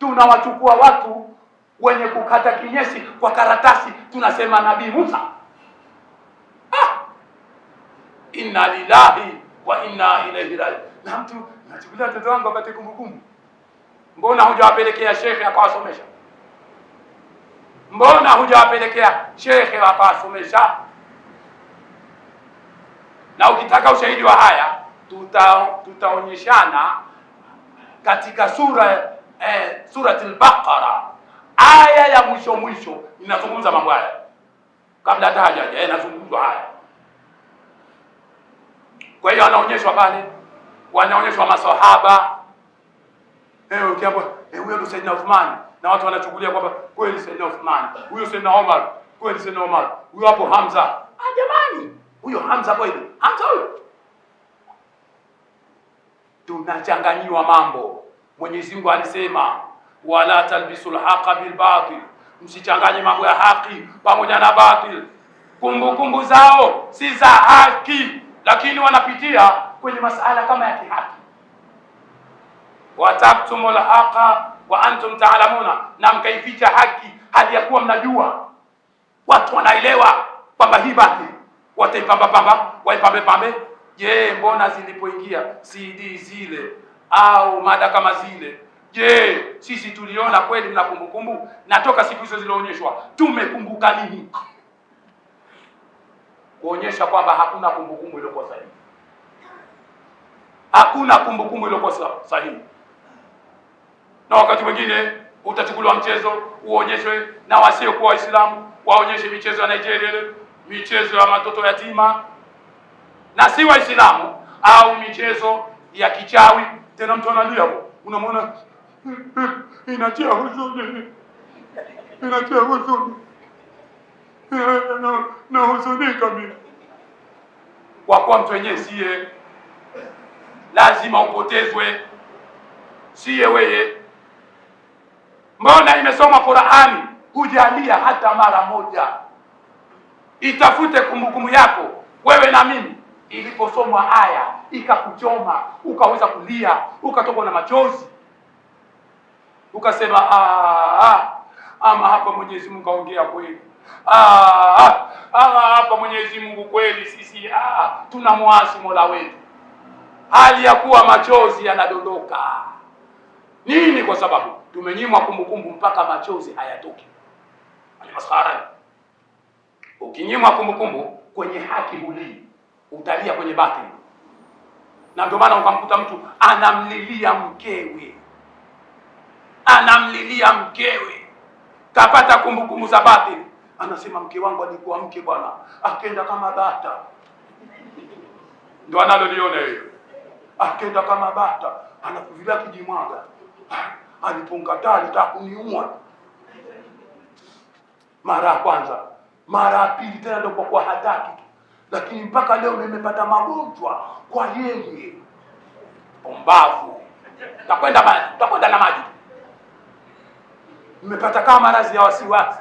tunawachukua watu wenye kukata kinyesi kwa karatasi, tunasema Nabii Musa. Ah, inna lillahi wa inna ilaihi rajiun. Na mtu nachukulia mtoto wangu apate kumbukumbu, mbona hujawapelekea shekhe akawasomesha? Mbona hujawapelekea shekhe akawasomesha? Na ukitaka ushahidi wa haya tuta, tutaonyeshana katika sura eh, surati al-Baqara aya ya mwisho mwisho inazungumza mambo haya kabla hata hajaja eh, inazungumzwa haya. Kwa hiyo anaonyeshwa pale, wanaonyeshwa masahaba eh, ukiambiwa eh, huyo ndio Saidina Uthman na watu wanachukulia kwamba kweli Saidina Uthman, huyo Saidina Omar, kweli Saidina Omar, huyo hapo Hamza. Ah, jamani, huyo Hamza kweli Hamza huyo, tunachanganyiwa mambo Mwenyezi Mungu alisema wala talbisul haqa bil batil, msichanganye mambo ya haki pamoja na batil. Kumbukumbu zao si za haki, lakini wanapitia kwenye masala kama ya kihaki. Wataktumul haqa wa antum taalamuna, na mkaificha haki hali ya kuwa mnajua. Watu wanaelewa kwamba hii batil, wataipambapamba pambe Je, mbona zilipoingia CD zile au mada kama zile. Je, sisi tuliona kweli mna kumbukumbu? Na toka siku hizo zilionyeshwa, tumekumbuka nini kuonyesha kwamba hakuna kumbukumbu iliyokuwa sahihi? Hakuna kumbukumbu iliyokuwa sahihi. Na wakati mwingine utachukuliwa mchezo uonyeshwe na wasiokuwa Waislamu, waonyeshe michezo ya Nigeria, michezo ya matoto yatima na si Waislamu, au michezo ya kichawi tena mtu analia hapo, unamwona inatia huzuni, inatia huzuni na, huzuni kabisa. Kwa kuwa mtu wenyewe siye, lazima upotezwe, siye weye. Mbona imesoma Qur'ani hujalia hata mara moja? Itafute kumbukumbu yako wewe na mimi iliposomwa aya ikakuchoma, ukaweza kulia, ukatokwa na machozi, ukasema ah, ah, ah, ama hapa Mwenyezi Mungu aongea kweli, ama hapa Mwenyezi Mungu kweli sisi tuna mwasi Mola wetu, hali ya kuwa machozi yanadondoka nini? Kwa sababu tumenyimwa kumbukumbu mpaka machozi hayatoki. Ni maskhara. Ukinyimwa kumbukumbu kwenye haki hulii utalia kwenye bathroom. Na ndio maana ukamkuta mtu anamlilia mkewe, anamlilia mkewe, kapata kumbukumbu za bathroom, anasema mke wangu alikuwa mke bwana, akenda kama bata. Ndio analoliona hiyo, akenda kama bata, anakuvilia kijimwaga, aliponkataa alitaka kuniua mara ya kwanza, mara ya pili tena ndio kwa hataki lakini mpaka leo nimepata magonjwa kwa yeye. Pumbavu, takwenda takwenda na maji. Nimepata kama maradhi ya wasiwasi,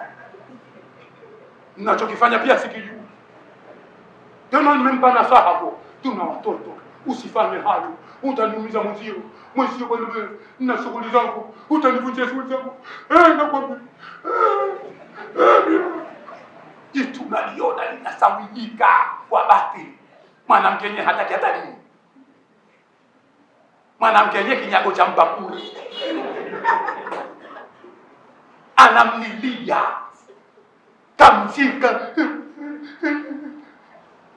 ninachokifanya pia sikijui. Tena nimempa nasaha huo, tuna watoto, usifanye hayo, utaniumiza mwenzio, mwenzio bwana, nina shughuli zangu, utanivunjia shughuli zangu. Eh, nakwambia eh, eh, jitu naliona linasawilika wa batili. Mwanamke yenyewe hataki hata dini, mwanamke yenyewe kinyago cha mbakuli anamlilia kamshika,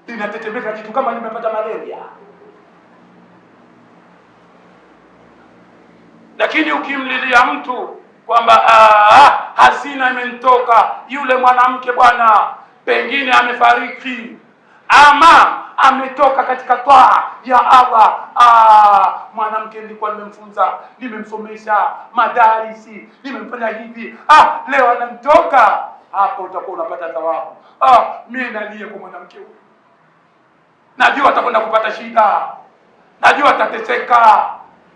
linatetemeka kitu kama limepata malaria. Lakini ukimlilia mtu kwamba ah, ah, hazina imenitoka, yule mwanamke bwana pengine amefariki ama ametoka katika twaa ya Allah. Ah, mwanamke nilikuwa nimemfunza, nimemsomesha madarisi, nimemfanya hivi, ah, leo anamtoka hapo, utakuwa unapata thawabu. Ah, mimi nalie kwa mwanamke huyu, najua atakwenda kupata shida, najua atateseka,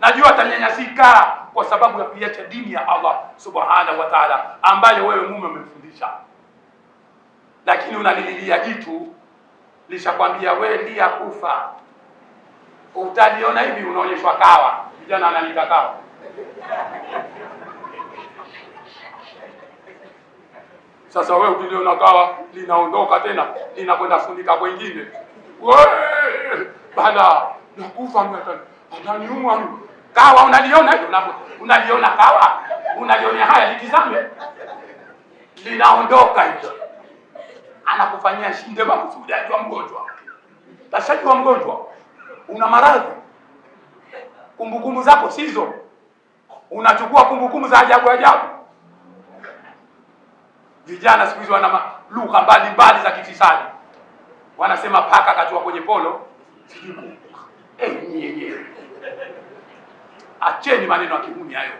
najua atanyanyasika kwa sababu ya kuiacha dini ya Allah subhanahu wa ta'ala, ambayo wewe mume umemfundisha, lakini unalililia jitu lishakwambia we ndiye kufa, utaliona hivi, unaonyeshwa kawa. Vijana analita kawa Sasa wewe ukiliona kawa linaondoka tena linakwenda funika kwengine, bana nakufa ananiuma kawa. Unaliona unaliona kawa, unaliona haya, likizame linaondoka hiyo anakufanyia shinde makusudi akiwa mgonjwa. Tashakiwa mgonjwa, una maradhi, kumbukumbu zako sizo, unachukua kumbukumbu za ajabu ajabu. Vijana siku hizi wana lugha mbalimbali za kifisadi, wanasema paka katiwa kwenye polo yenyewe. Eh, Acheni maneno ya kihuni hayo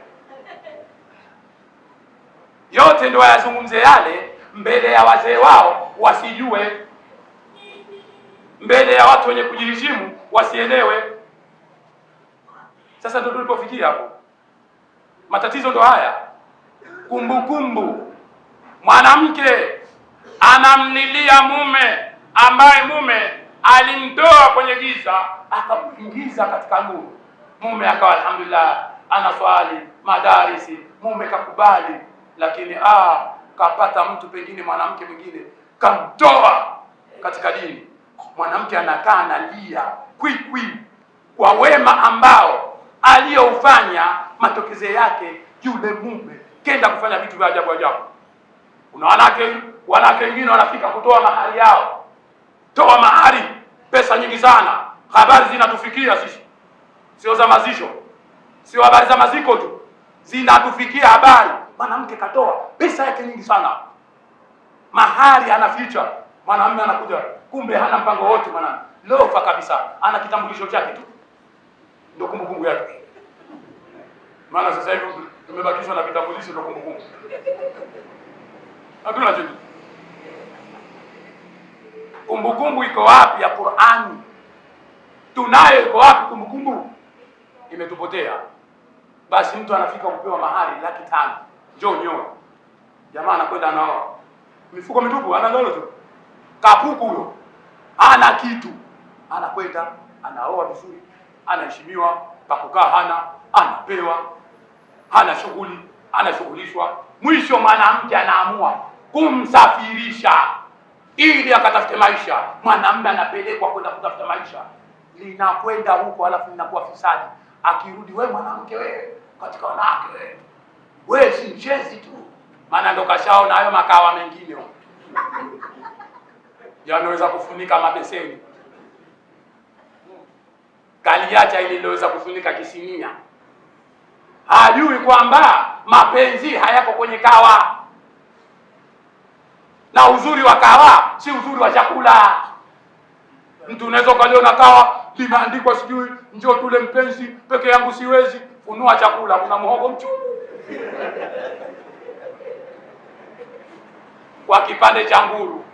yote, ndio wayazungumze yale mbele ya wazee wao wasijue, mbele ya watu wenye kujiheshimu wasielewe. Sasa ndio tulipofikia hapo, matatizo ndo haya. Kumbukumbu, mwanamke anamlilia mume ambaye mume alimtoa kwenye giza akamwingiza katika nuru. Mume akawa alhamdulillah, ana swali madarisi, mume kakubali, lakini ah, kapata mtu pengine mwanamke mwingine kamtoa katika dini. Mwanamke anakaa analia kwi kwa wema ambao aliyoufanya, matokezo yake yule mume kenda kufanya vitu vya ajabu ajabu. Kuna wanawake wanawake wengine wanafika kutoa mahari yao, toa mahari, pesa nyingi sana. Habari zinatufikia sisi, sio za mazisho, sio habari za maziko tu, zinatufikia habari, mwanamke katoa pesa yake nyingi sana mahali ana future, mwanamume anakuja, kumbe hana mpango wote, mwana lofa kabisa, ana kitambulisho chake tu, ndio kumbukumbu yake. Maana sasa hivi tumebakishwa na vitambulisho, ndio kumbukumbu, hatuna chochote. Kumbukumbu iko wapi ya Qur'ani? Tunayo, iko wapi kumbukumbu? Imetupotea. Basi mtu anafika kupewa mahali laki tano, njoo nyoa, jamaa anakwenda anaoa mifuko mitupu, ana tu kapuku huyo, ana kitu, anakwenda anaoa vizuri, anaheshimiwa, pakukaa hana, anapewa, hana shughuli, anashughulishwa. Mwisho mwanamke anaamua kumsafirisha ili akatafute maisha. Mwanamume anapelekwa kwenda kutafuta maisha, linakwenda huko, alafu linakuwa fisadi. Akirudi, we mwanamke, wewe katika wanawake wewe, wewe si mchezi tu maana ndo kashaona hayo makawa mengine yanaweza kufunika mabeseni, kaliacha ili liloweza kufunika kisinia. Hajui kwamba mapenzi hayako kwenye kawa, na uzuri wa kawa si uzuri wa chakula. Mtu unaweza ukaliona kawa limeandikwa sijui, njoo tule mpenzi, peke yangu siwezi. Funua chakula, kuna muhogo mchungu kwa kipande cha nguru.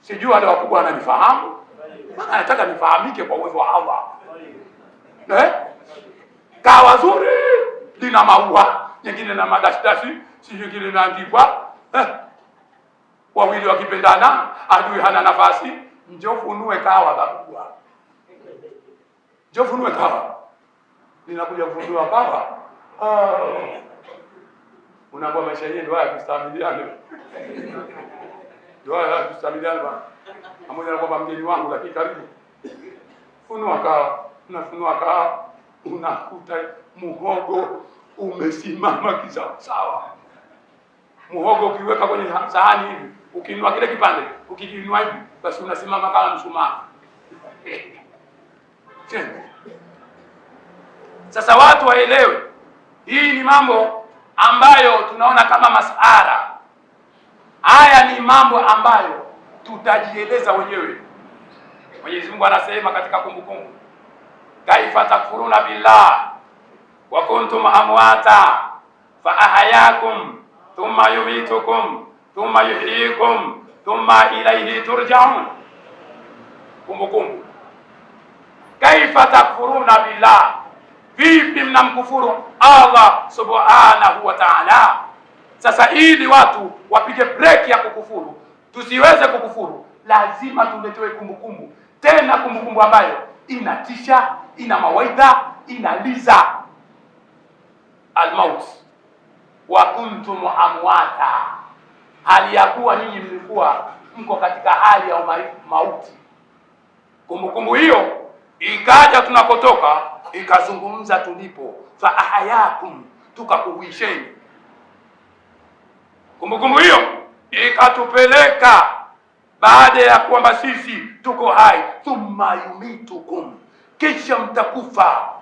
Sijui wale wakubwa wananifahamu, anataka nifahamike kwa uwezo wa Allah eh? Kawa zuri lina maua, nyingine na madashidashi sijui kile inaandikwa eh? Wawili wakipendana, adui hana nafasi. Njofunue kawa kakubwa, njofunue kawa, ninakuja kufundua kawa oh unakuwa maisha yenyewe ndio haya tustamiliane. Ndio haya tustamiliane bwana. Pamoja na kwamba mgeni wangu lakini karibu. Funua kahawa, unafunua kahawa, unakuta muhogo umesimama kisawa sawa. Muhogo ukiweka kwenye sahani hivi, ukiinua kile kipande, ukikiinua hivi, basi unasimama kama msumaa. Sasa watu waelewe, hii ni mambo ambayo tunaona kama masuala haya ni mambo ambayo tutajieleza wenyewe. Mwenyezi Mungu anasema katika Kumbukumbu, kaifa takfuruna billah wa kuntum amwata fa ahayakum thumma yumitukum thumma yuhyikum thumma ilayhi turjaun. Kumbukumbu, kaifa takfuruna billah Vipi mnamkufuru Allah subhanahu wa ta'ala? Sasa ili watu wapige breki ya kukufuru, tusiweze kukufuru, lazima tuletewe kumbukumbu, tena kumbukumbu ambayo inatisha, ina mawaidha, inaliza almaut wa kuntum amwata, hali ya kuwa ninyi mlikuwa mko katika hali ya mauti. Kumbukumbu hiyo ikaja tunakotoka ikazungumza tulipo, fa ahayakum, tukakuhuisheni. Kumbukumbu hiyo ikatupeleka baada ya kwamba sisi tuko hai, thumma yumitukum, kisha mtakufa